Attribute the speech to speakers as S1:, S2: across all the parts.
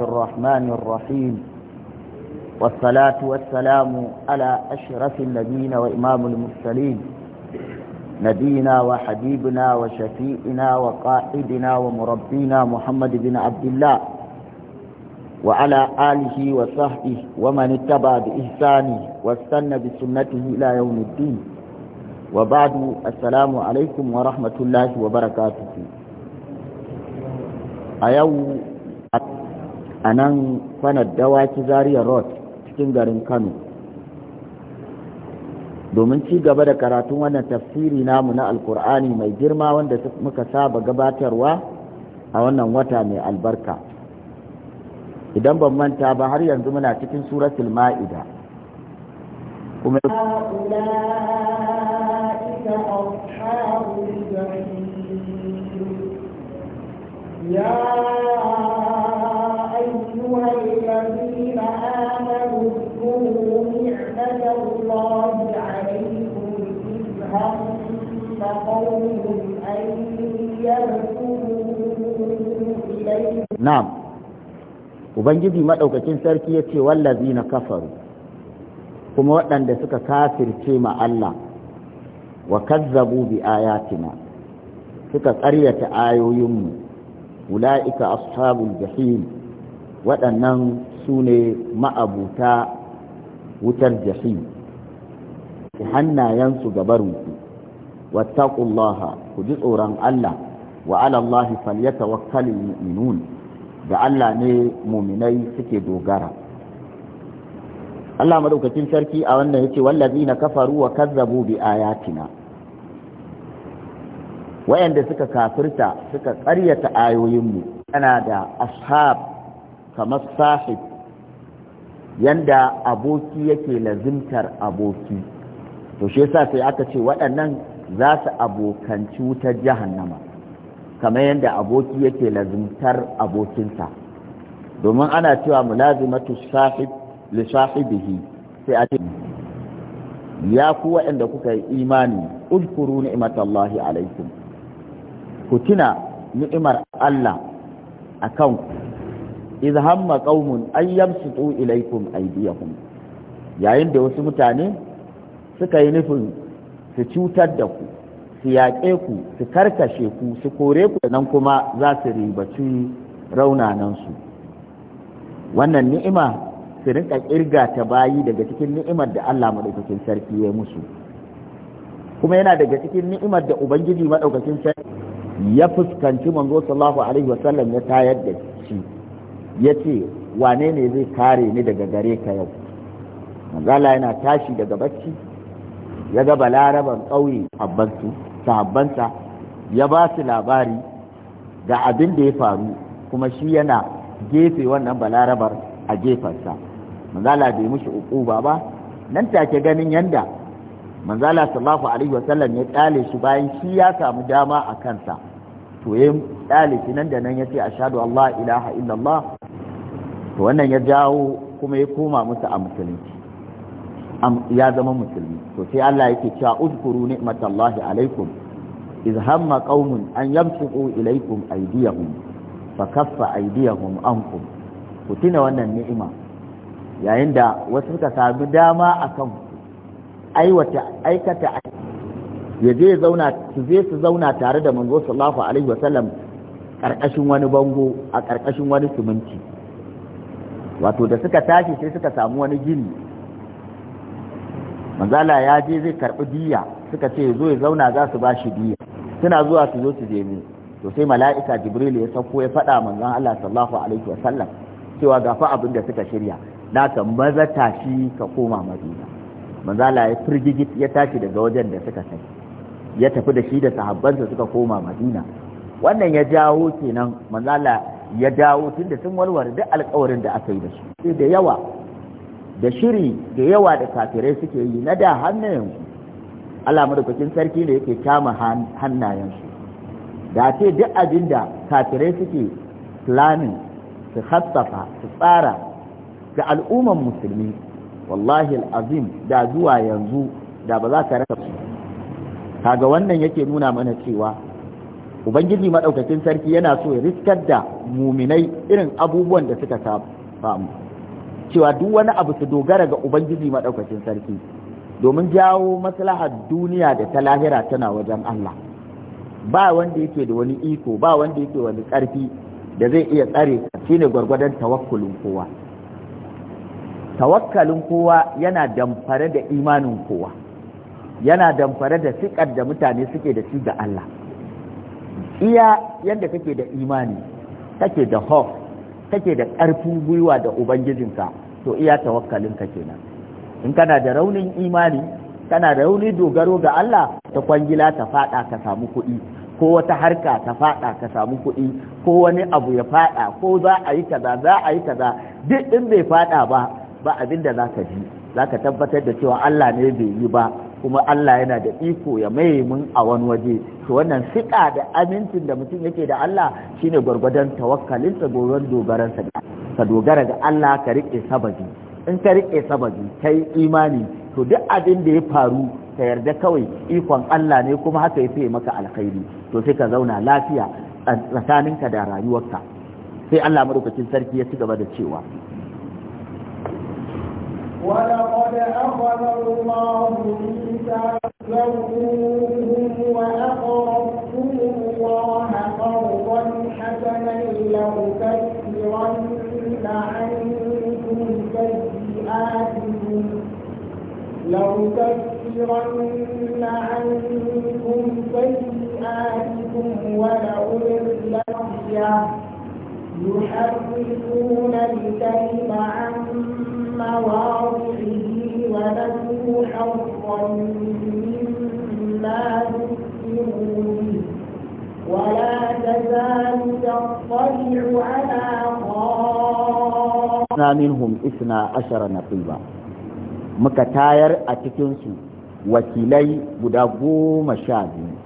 S1: الرحمن الرحيم والصلاة والسلام على أشرف النبيين وإمام المرسلين نبينا وحبيبنا وشفيئنا وقائدنا ومربينا محمد بن عبد الله وعلى آله وصحبه ومن اتبع بإحسانه واستنى بسنته إلى يوم الدين وبعد السلام عليكم ورحمة الله وبركاته أيوه a nan kwanar dawaki zaria rot cikin garin kano domin ci gaba da karatun wannan tafsiri namu na alkur'ani mai girma wanda muka saba gabatarwa a wannan wata mai albarka idan ban manta ba har yanzu muna cikin suratul ma'ida
S2: kuma yeah na'am
S1: ubangiji madaukakin sarki yace na kafaru kuma waɗanda suka kafirce ma Allah wa kazzabu bi ayatina suka ƙaryata ayoyinmu ula'ika ashabul jahim waɗannan su ne ma'abuta wutar jahim hannayensu gabarinku wattaqullaha ku ji tsoron Allah wa ala Allahi falyatawakkalul mu'minun da Allah ne muminai suke dogara Allah madaukakin sarki a wannan ya yace wallazina kafaru wa kazzabu bi ayatina wayanda suka kafirta suka ƙaryata ayoyinmu ana da ashab kamar sahib yanda aboki yake lazimtar aboki to shi yasa sai aka ce waɗannan za su abokanci wutar jahannama kamar yadda aboki yake lazimtar abokinsa domin ana cewa mulazimatu sahib li sahibihi sai a ce ya ku waɗanda kuka yi imani uzkuru ni'matallahi alaikum ku tuna ni'imar Allah a ku. idh hamma qaumun an yamsutu ilaikum aydiyahum yayin da wasu mutane suka yi nufin su cutar da ku su yaƙe ku su karkashe ku su kore ku nan kuma za su ribaci raunanansu wannan ni'ima su rinka ƙirga ta bayi daga cikin ni'imar da Allah maɗaukakin sarki ya musu kuma yana daga cikin ni'imar da ubangiji maɗaukacin sarki ya fuskanci manzo sallallahu alaihi wasallam ya tayar da shi ya ce wane ne zai kare ni daga gare ka yau manzala yana tashi daga bacci ya ga balaraban ƙauye a abbansu sahabbansa ya ba su labari ga abin da ya faru kuma shi yana gefe wannan balarabar a gefensa manzala bai mushi uquba ba nan take ganin yanda manzala sallallahu alaihi wasallam ya tsale shi bayan shi ya samu dama a kansa to ya tsale shi nan da nan ya ce ashhadu allah ilaha illallah to wannan ya jawo kuma ya koma musu a musulunci ya zama musulmi to sai Allah yake cewa uzkuru ni'matallahi alaikum iz hamma qaumun an yamsuku ilaikum aydiyahum fa kaffa aydiyahum ankum ku tuna wannan ni'ima yayin da wasu suka sami dama akan aiwata aikata ya zauna su je su zauna tare da manzo sallallahu alaihi wasallam karkashin wani bango a karkashin wani siminti wato da suka tashi sai suka samu wani gini manzala ya je zai karɓi diya suka ce zo ya zauna za su ba shi diya suna zuwa su zo su nemi to sai mala'ika jibril ya sauko ya faɗa manzon Allah sallallahu alaihi wa sallam cewa ga fa abin da suka shirya naka maza tashi ka koma madina manzala ya firgigi ya tashi daga wajen da suka sai ya tafi da shi da sahabbansa suka koma madina wannan ya jawo kenan manzala ya dawo tunda sun warware duk alƙawarin da aka yi da shi da yawa da shiri da yawa da kafirai suke yi na da hannayen Allah madaukakin sarki ne yake kama hannayensu da ce duk abin da kafirai suke planning su hassafa su tsara ga al'umman musulmi wallahi al'azim da zuwa yanzu da ba za ka rasa su kaga wannan yake nuna mana cewa ubangiji madaukakin sarki yana so ya riskar da muminai irin abubuwan da suka samu cewa duk wani abu su dogara ga ubangiji maɗaukacin sarki domin jawo maslahar duniya da ta lahira tana wajen Allah ba wanda yake da wani iko ba wanda yake wani ƙarfi da zai iya tsare shine gwargwadon tawakkulin kowa tawakkalin kowa yana damfare da imanin kowa yana damfare da sikar da mutane suke da shi ga Allah iya yadda kake da imani kake da hope kake da ƙarfin gwiwa da ubangijinka to iya tawakkalinka kenan in kana da raunin imani kana da raunin dogaro ga Allah ta kwangila ta faɗa ka samu kuɗi ko wata harka ta faɗa ka samu kuɗi ko wani abu ya faɗa, ko za a yi kaza za a yi kaza duk in bai faɗa ba ba abin da za ka ji za ka tabbatar da cewa Allah ne bai yi ba kuma Allah yana da iko ya maye mun a wani waje to wannan fiƙa da amincin da mutum yake da Allah shine gwargwadon tawakkalinsa dogaran sa ka dogara ga Allah ka rike sabaji in ka riƙe sabaji kai imani to duk abin da ya faru ka yarda kawai ikon Allah ne kuma haka ya maka alkhairi to sai ka zauna lafiya tsakaninka da rayuwarka sai Allah madaukakin sarki ya ci gaba da cewa
S2: ولقد أخذ الله ميثاقكم وأقربتم الله قرضا حسنا لأكفرن عنكم سيئاتكم لأكفرن عنكم سيئاتكم ولأدخلنكم يحرفون الكلم عن مواضعه ونسوا حظا مما ذكروا به ولا تزال تطلع على خاطئ
S1: منهم اثنا عشر نقيبا muka tayar a cikinsu wakilai guda goma sha biyu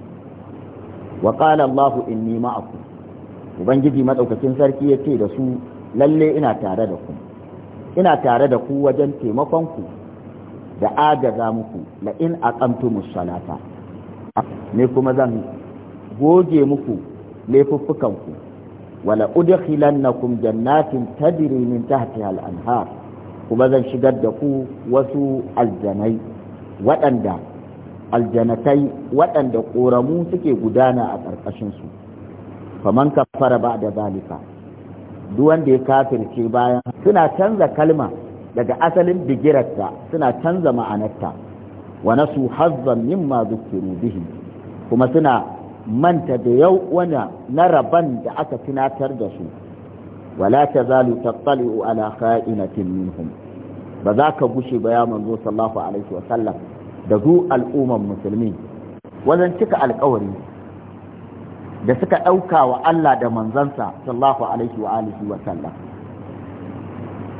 S1: wa qala Allahu inni ma'akum ubangiji maɗaukakin sarki ya ce da su lalle ina tare da ku ina tare da ku wajen taimakon ku da agaza muku la in aqamtumus salata ne kuma zan goge muku laifuffukan ku wala udkhilannakum jannatin tajri min tahtiha al-anhar kuma zan shigar da ku wasu aljanai waɗanda aljanatai waɗanda ƙoramu suke gudana a ƙarƙashinsu faman kafara ba da zalika duk wanda ya kafirce bayan suna canza kalma daga asalin bigirarta suna canza ma'anarta wa nasu hazzan mimma zukiru bihi kuma suna manta da yau wani na rabon da aka tunatar da su wala ta zalu tattali'u ala kha'inatin minhum ba za ka gushe ba ya manzo sallallahu alaihi wa sallam da zu al'umman musulmi wajen cika alkawari da suka ɗauka wa Allah da manzansa sallahu alaihi wa alihi wa sallam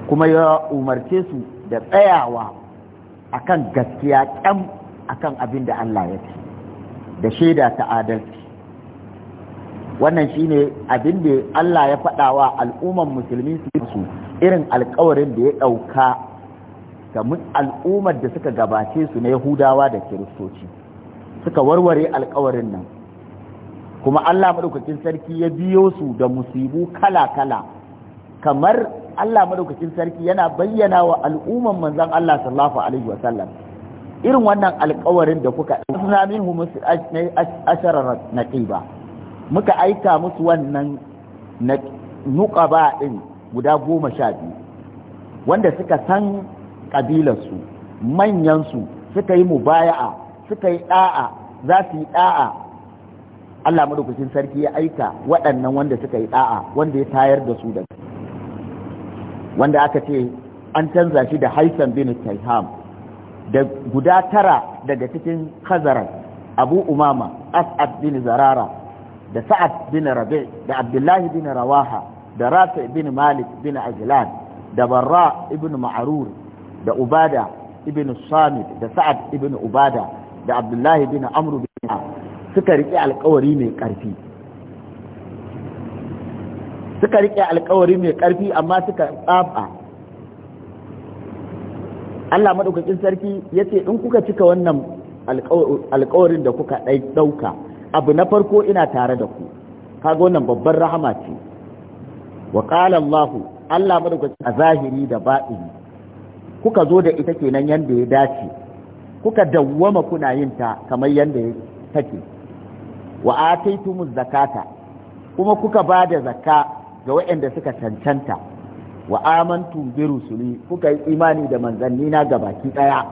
S1: kuma ya umarce su da tsayawa akan gaskiya kyam akan abin da Allah ya ce da shaida ta adalci wannan shine abin da Allah ya faɗa wa al'umman musulmi su irin alkawarin da ya ɗauka ga al'ummar da suka gabace su na yahudawa da kiristoci suka warware alkawarin nan kuma Allah madaukakin sarki ya biyo su da musibu kala-kala kamar Allah madaukakin sarki yana bayyana wa al'umman manzan Allah sallallahu alaihi wa sallam irin wannan alƙawarin da kuka suna minhu musu ashara naqiba muka aika musu wannan nuqaba din guda goma sha biyu wanda suka san kabilarsu manyansu suka yi mubaya'a suka yi ɗa'a za su yi da'a Allah madaukakin sarki ya aika waɗannan wanda suka yi da'a wanda ya tayar da su da wanda aka ce an canza shi da Haisan bin Taiham da guda tara daga cikin Khazaraj Abu Umama As'ad bin Zarara da Sa'ad bin Rabi da Abdullahi bin Rawaha da Rafi bin Malik bin Ajlan da Barra ibn Ma'rur da Ubada ibn Samit da Sa'ad ibn Ubada da Abdullahi bin Amr bin suka riƙe alkawari mai ƙarfi suka riƙe alkawari mai ƙarfi amma suka tsafa. Allah maɗaukakin sarki ya ce in kuka cika wannan alkawarin da kuka ɗauka abu na farko ina tare da ku kaga wannan babbar rahama ce wa ƙala Allah Allah maɗaukakin a zahiri da ba'ini kuka zo da ita kenan yadda ya dace kuka dawwama kuna yin ta kamar yadda ya take wa ataitumu zakata kuma kuka ba da zakka ga waɗanda suka cancanta wa amantu bi rusuli kuka yi imani da manzanni na baki ɗaya.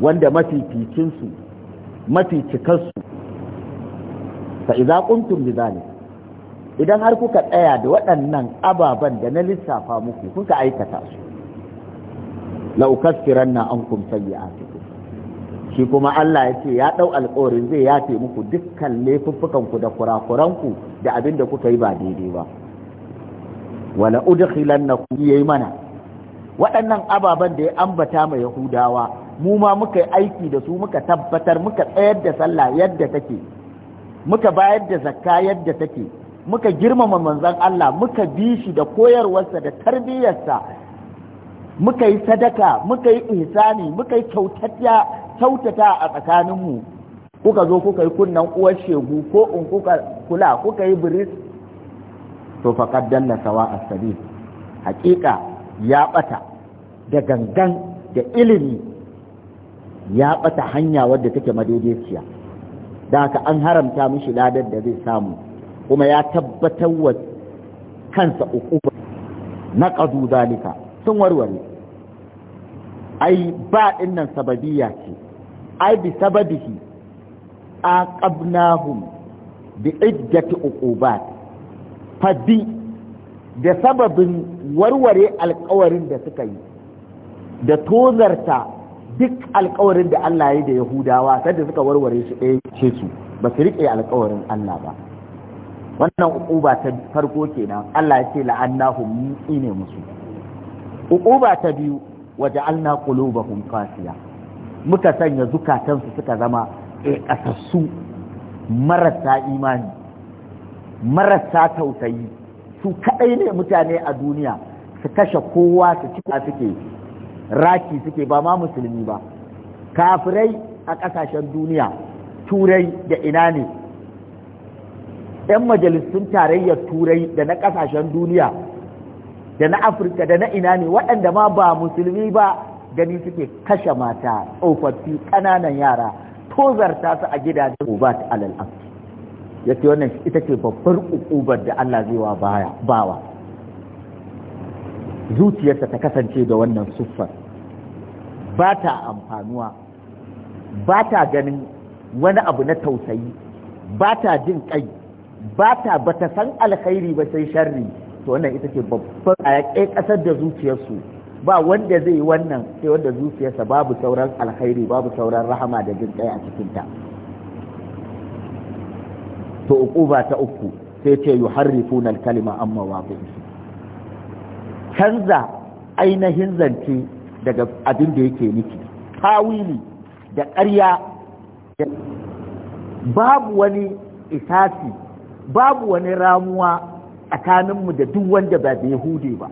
S1: wanda mafificin su mafi cikansu fa idza qumtum bi idan har kuka tsaya da waɗannan ababen da na lissafa muku kuka aikata su la ukaffiranna ankum sayyi'atikum shi kuma Allah ya ce ya ɗau alƙawarin zai yafe muku dukkan laifuffukanku da kurakuranku da abin da kuka yi ba daidai ba wala udkhilan na ku yayi mana waɗannan ababen da ya ambata ma yahudawa mu ma muka yi aiki da su muka tabbatar muka tsayar da sallah yadda take muka bayar da zakka yadda take muka girmama manzon Allah muka bi shi da koyarwarsa da tarbiyyarsa muka yi sadaka muka yi ihsani muka yi kyautata a tsakaninmu kuka zo kuka yi kunnen uwar shegu ko in kuka kula kuka yi biris to faqad dalla sawa a sabi Hakika ya bata da gangan da ilimi ya ɓata hanya wadda take madaidaiciya da haka an haramta mishi ladar da zai samu kuma ya tabbatar wa kansa uku na ƙadu zalika sun warware ai ba nan sababiya ce ai bi sababihi aqabnahum bi iddati uqubat fa bi da sababin warware alƙawarin da suka yi da tozarta duk alkawarin da Allah ya da Yahudawa da suka warware su ɗaya ce su ba su riƙe alkawarin Allah ba wannan uquba ta farko kenan Allah ya ce la'annahum ne musu uquba ta biyu waja'alna qulubahum qasiyah muka sanya zukatansu suka zama eh, ƙasassu marasa imani marasa tausayi su kaɗai ne mutane a duniya su kashe kowa su cika suke raki suke ba ma musulmi ba kafirai a ƙasashen duniya turai da ina ne 'yan majalisun tarayyar turai da na ƙasashen duniya da na afirka da na ina ne waɗanda ma ba musulmi ba gani suke kashe mata tsofaffi ƙananan yara tozarta su a gidajen ta alal ya ce wannan ita ce babbar ukubar da Allah zai wa bawa zuciyarsa ta kasance da wannan siffar ba ta amfanuwa ba ta ganin wani abu na tausayi ba ta jin kai ba ta ba ta san alkhairi ba sai sharri to wannan ita ce babbar a ƙasar da zuciyarsu ba wanda zai yi wannan sai wanda zuciyarsa babu sauran alkhairi babu sauran rahama da jin a ta. to uquba ta uku sai ce yuharrifuna al-kalima amma waqi'i canza ainihin zance daga abin da yake nufi tawili da ƙarya babu wani isasi babu wani ramuwa tsakaninmu da duk wanda ba da yahudi ba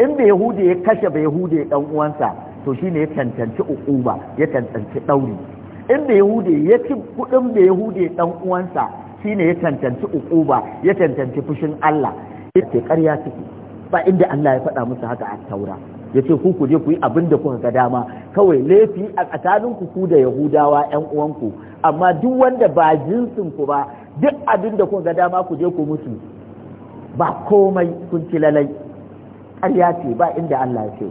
S1: in bai hude ya kashe bai hude dan uwansa to shine ya cancanci ukuba ya cancanci dauri in bai hude ya ci kudin bai hude dan uwansa shine ya cancanci ukuba ya cancanci fushin Allah yake ƙarya suke ba inda Allah ya faɗa musu haka a taura ya ce ku je ku yi abin da kuka ga dama kawai laifi a tsakanin ku ku da yahudawa yan uwanku amma duk wanda ba jinsin ku ba duk abin da kuka ga dama ku je ku mutu ba komai kun ci lalai ƙarya ce ba inda Allah ya ce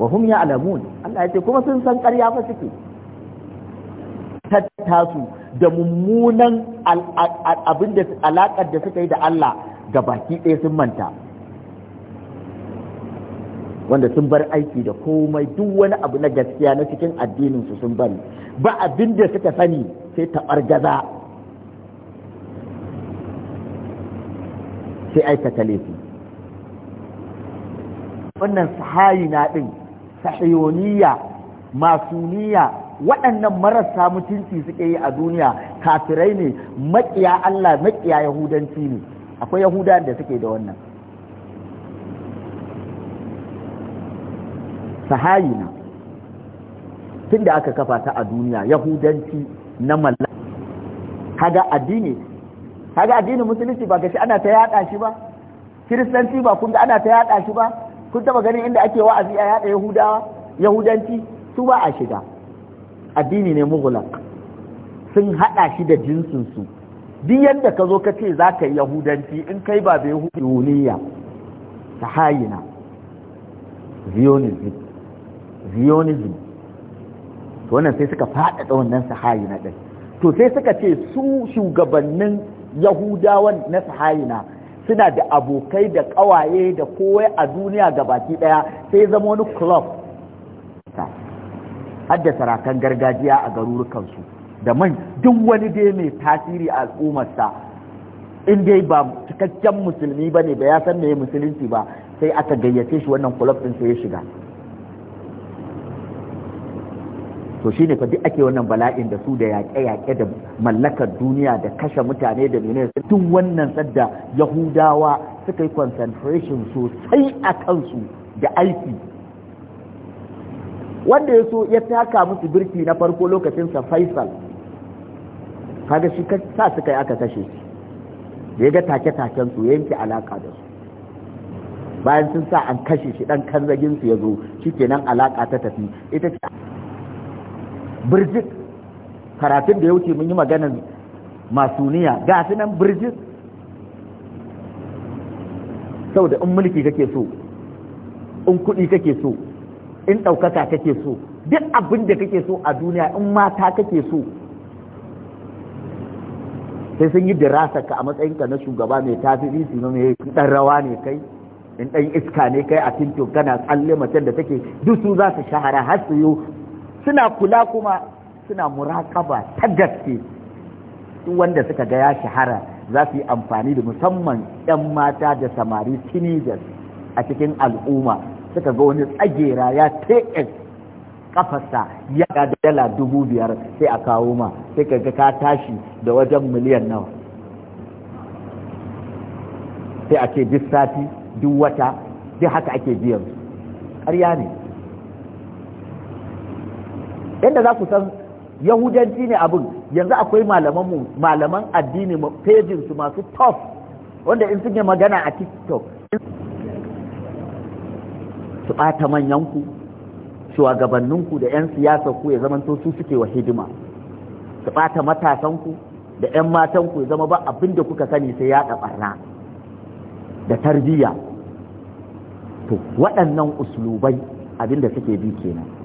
S1: wa hum alamun Allah ya ce kuma sun san ƙarya fa suke tattasu da mummunan abin da alakar da suka yi da Allah ga baki ɗaya sun manta wanda sun bar aiki da komai duk wani abu na gaskiya na cikin addinin su sun bari ba abin da suka sani sai taɓar gaza sai aikata laifi wannan sahayina ɗin, sahiyoniya masuniya waɗannan marasa mutunci suke yi a duniya kafirai ne maƙiya Allah maƙiya yahudanci ne akwai yahudan da suke da wannan sahayina tun da aka kafa ta a duniya yahudanci na malla kaga addini kaga addinin musulunci ba gashi ana ta yada shi ba kiristanci ba kun ana ta yada shi ba kun taba ganin inda ake wa'azi a yada yahudawa yahudanci su ba a shiga addini ne mughlaq sun haɗa shi da jinsin su duk yadda ka zo ka ce za ka yi yahudanci in kai ba bai yuniya ta hayina zionism to wannan sai suka faɗaɗa wannan sahayina ɗin to sai suka ce su shugabannin yahudawan na sahayina suna da abokai da kawaye da kowai a duniya ga baki daya sai zama wani club hadda sarakan gargajiya a garurukansu da man duk wani dai mai tasiri a al'ummarsa in dai ba cikakken musulmi ba ne ba ya san me musulunci ba sai aka gayyace shi wannan club din sai ya shiga to shine fa duk ake wannan bala'in da su da yaƙe-yaƙe da mallakar duniya da kashe mutane da menene Tun wannan sadda yahudawa suka yi concentration sosai a kansu da aiki wanda ya so ya taka musu birki na farko lokacin sa faisal kaga shi sa suka yi aka kashe shi da ya ga take-taken su yanke alaka da su bayan sun sa an kashe shi dan kanzagin su ya zo shikenan alaka ta tafi ita ce birjit karatun da ya wuce mun yi maganar masuniya ga su nan birjit saboda in mulki kake so in kuɗi kake so in ɗaukaka kake so duk abin da kake so a duniya in mata kake so sai sun yi dirasa ka a matsayinka na shugaba mai tasiri su ne dan rawa ne kai in dan iska ne kai a tinto kana tsalle macen da take duk su za su shahara har su yi suna kula kuma suna muraƙaba ta gaske duk wanda suka ga ya shahara za su yi amfani da musamman 'yan mata da samari teenagers a cikin al'umma suka ga wani tsagera ya teƙe ƙafasa ya ga dala dubu biyar sai a kawo ma sai ka ga ka tashi da wajen miliyan nawa sai a ce duk sati duk wata duk haka ake biyan ƙarya ne yadda za ku san yahudanci ne abin yanzu akwai malaman addini pejin masu top wanda in sun yi magana a tiktok su ɓata manyanku shugabanninku da 'yan siyasa ku ya zamanto su suke wa hidima su ɓata matasanku da 'yan matanku ya zama ba abin da kuka sani sai ya ɓarna da tarbiyya to waɗannan uslubai abin da suke bi kenan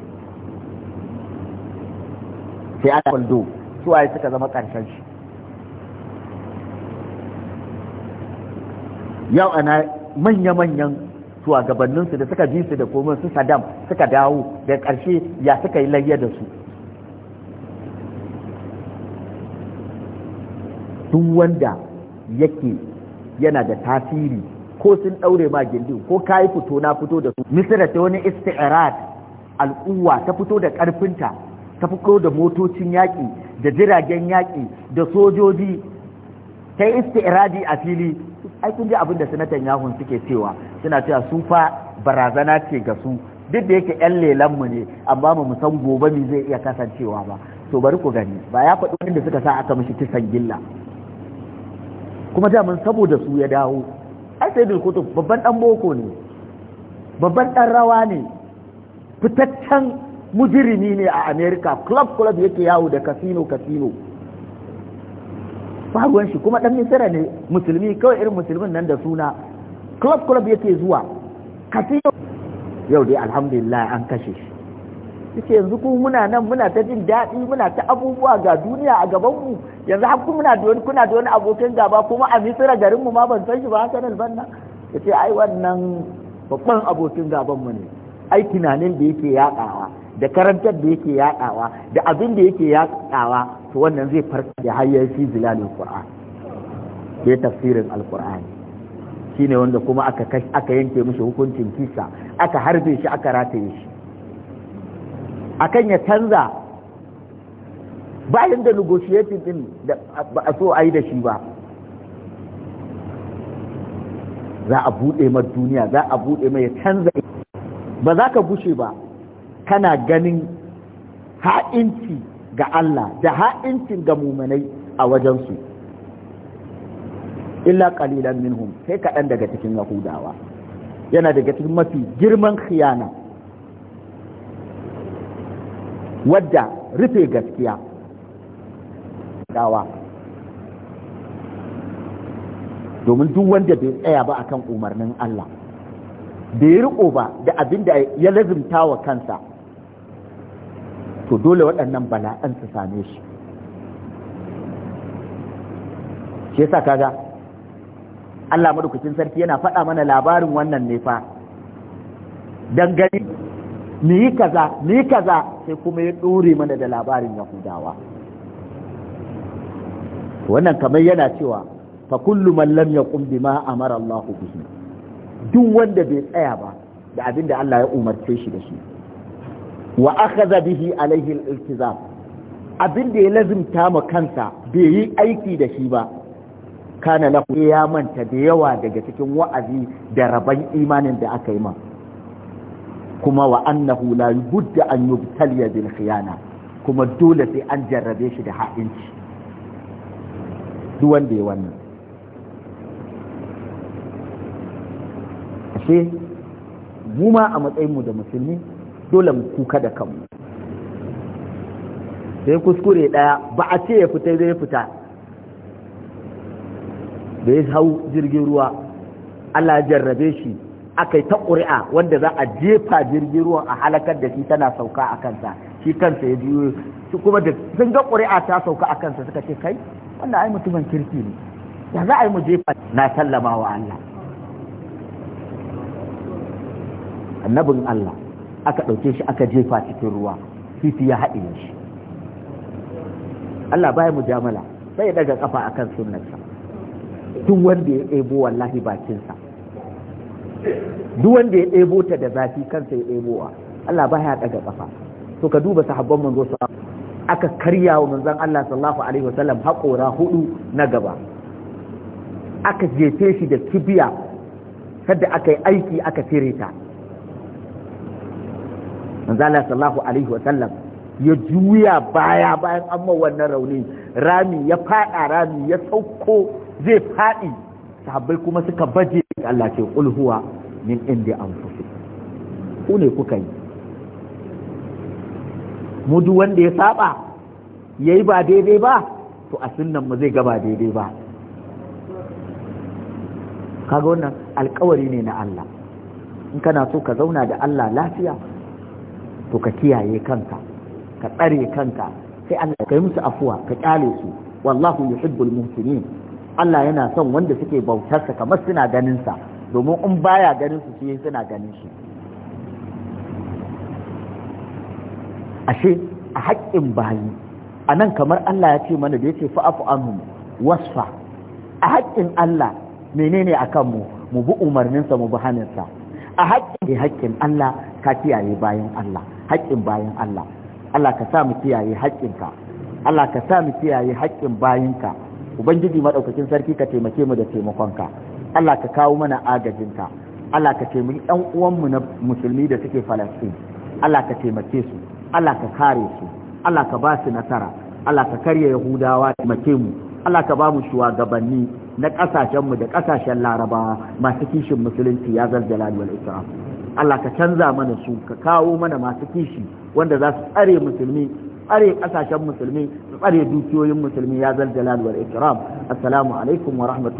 S1: sai ana kwaldo su suka zama ƙarshen shi yau ana manya-manyan shugabanninsu da suka ji su da komai su sadam suka dawo da ƙarshe ya suka yi layya da su duk wanda yake yana da tasiri ko sun ɗaure ma gindin ko ka yi fito na fito da su misira ta wani isti'arat al'uwa ta fito da ƙarfinta ta fito da motocin yaƙi da jiragen yaƙi da sojoji ta iske iradi a fili ai kun ji abin da sanatan yahun suke cewa suna cewa su fa barazana ce ga su duk da yake yan lelanmu ne amma mu san gobe ne zai iya kasancewa ba to bari ku gani ba ya faɗi wanda suka sa aka mishi kisan gilla kuma da mun saboda su ya dawo ai sai kutub babban dan boko ne babban dan rawa ne fitaccen mujirimi ne a america club club yake yawo da casino casino faruwan shi kuma dan misira ne musulmi kawai irin musulmin nan da suna club club yake zuwa casino yau dai alhamdulillah an kashe shi yake yanzu ku muna nan muna ta jin daɗi muna ta abubuwa ga duniya a gaban mu yanzu har muna da wani kuna da wani abokin gaba kuma a misira garin mu ma ban san shi ba haka nan banna yace ai wannan babban abokin gaban mu ne ai tunanin da yake yaɗawa da karantar da yake yaɗawa da abin da yake yaɗawa to wannan zai farka da hayyar fi zilalin qur'an sai tafsirin alqur'ani shine wanda kuma aka yanke mishi hukuncin kisa aka harbe shi aka rataye shi akan ya canza bayan da negotiating din da ba a so a yi da shi ba za a buɗe mai duniya za a buɗe mai ya canza ba za ka gushe ba kana ganin ha'inci ga Allah da ha'incin ga mumanai a wajensu illa qalilan minhum sai kaɗan daga cikin yahudawa yana daga cikin mafi girman khiyana wadda rufe gaskiya dawa domin duk wanda bai tsaya ba akan umarnin Allah bai riko ba da abin da ya lazimta wa kansa to dole waɗannan bala'an su same shi shi yasa kaga Allah madaukakin sarki yana faɗa mana labarin wannan ne fa don gani ni yi kaza ni yi kaza sai kuma ya ɗore mana da labarin yahudawa wannan kamar yana cewa fa kullu man lam yaqum bima amara Allahu bihi duk wanda bai tsaya ba da abin da Allah ya umarce shi da shi wa akhadha bihi alaihi al-iltizam abin da ya lazimta ma kansa bai yi aiki da shi ba kana lahu ya manta da yawa daga cikin wa'azi da rabon imanin da aka yi ma kuma wa annahu la budda an yubtaliya bil khiyana kuma dole sai an jarrabe shi da ha'inci duk wanda ya wannan ashe mu ma a matsayinmu da musulmi dole mu kuka da kanmu sai kuskure ɗaya ba a ce ya fita zai fita da ya hau jirgin ruwa Allah jarrabe shi aka yi ta ƙuri'a wanda za a jefa jirgin ruwa a halakar da shi tana sauka a kansa shi kansa ya biyo kuma da sun ga ƙuri'a ta sauka a kansa suka ce kai wannan ai mutumin kirki ne ya za a yi mu jefa na sallama wa Allah annabin Allah aka ɗauke shi aka jefa cikin ruwa kifi ya haɗe shi Allah baya mujamala sai ya daga kafa akan sunnarsa tun wanda ya ɗebo wallahi bakinsa duk wanda ya ɗebo ta da zafi kansa ya ɗebowa Allah baya daga kafa to ka duba sahabban manzo su aka karya wa manzon Allah sallallahu alaihi wasallam haƙora hudu na gaba aka jefe shi da kibiya sadda aka yi aiki aka cire ta manzala sallahu alaihi wa sallam ya juya baya bayan an wannan rauni rami ya fada rami ya sauko zai fadi sahabbai kuma suka baje Allah ce qul huwa min indi anfusik ku ne kuka yi mu duk wanda ya saba yayi ba daidai ba to a sunnan mu zai ga ba daidai ba kaga wannan alkawari ne na Allah in kana so ka zauna da Allah lafiya to ka kiyaye kanka ka tsare kanka sai Allah kai musu afuwa ka kyale su wallahu yuhibbul muhsinin Allah yana son wanda suke bautar sa, kamar suna ganin sa domin in baya ganin su shi suna ganin shi ashe a haƙƙin bayi a nan kamar Allah ya ce mana da ya ce fa'afu anhum wasfa a haƙƙin Allah menene akan mu mu bi umarninsa mu bi haninsa a haƙƙin haƙƙin Allah ka kiyaye bayan Allah haƙƙin bayan Allah Allah ka sa mu kiyaye haƙƙinka Allah ka sa mu kiyaye haƙƙin bayanka ubangiji madaukakin sarki ka taimake mu da taimakonka Allah ka kawo mana agajinka Allah ka taimaki ɗan uwanmu na musulmi da suke Falastin Allah ka taimake su Allah ka kare su Allah ka ba su nasara Allah ka karya Yahudawa taimake mu Allah ka ba mu shugabanni na ƙasashenmu da ƙasashen Larabawa masu kishin musulunci ya zalzala wal islam Allah ka canza mana su ka kawo mana masu kishi wanda za su tsare musulmi tsare kasashen musulmi tsare dukiyoyin musulmi ya zal jalal wal ikram assalamu alaikum wa rahmatullahi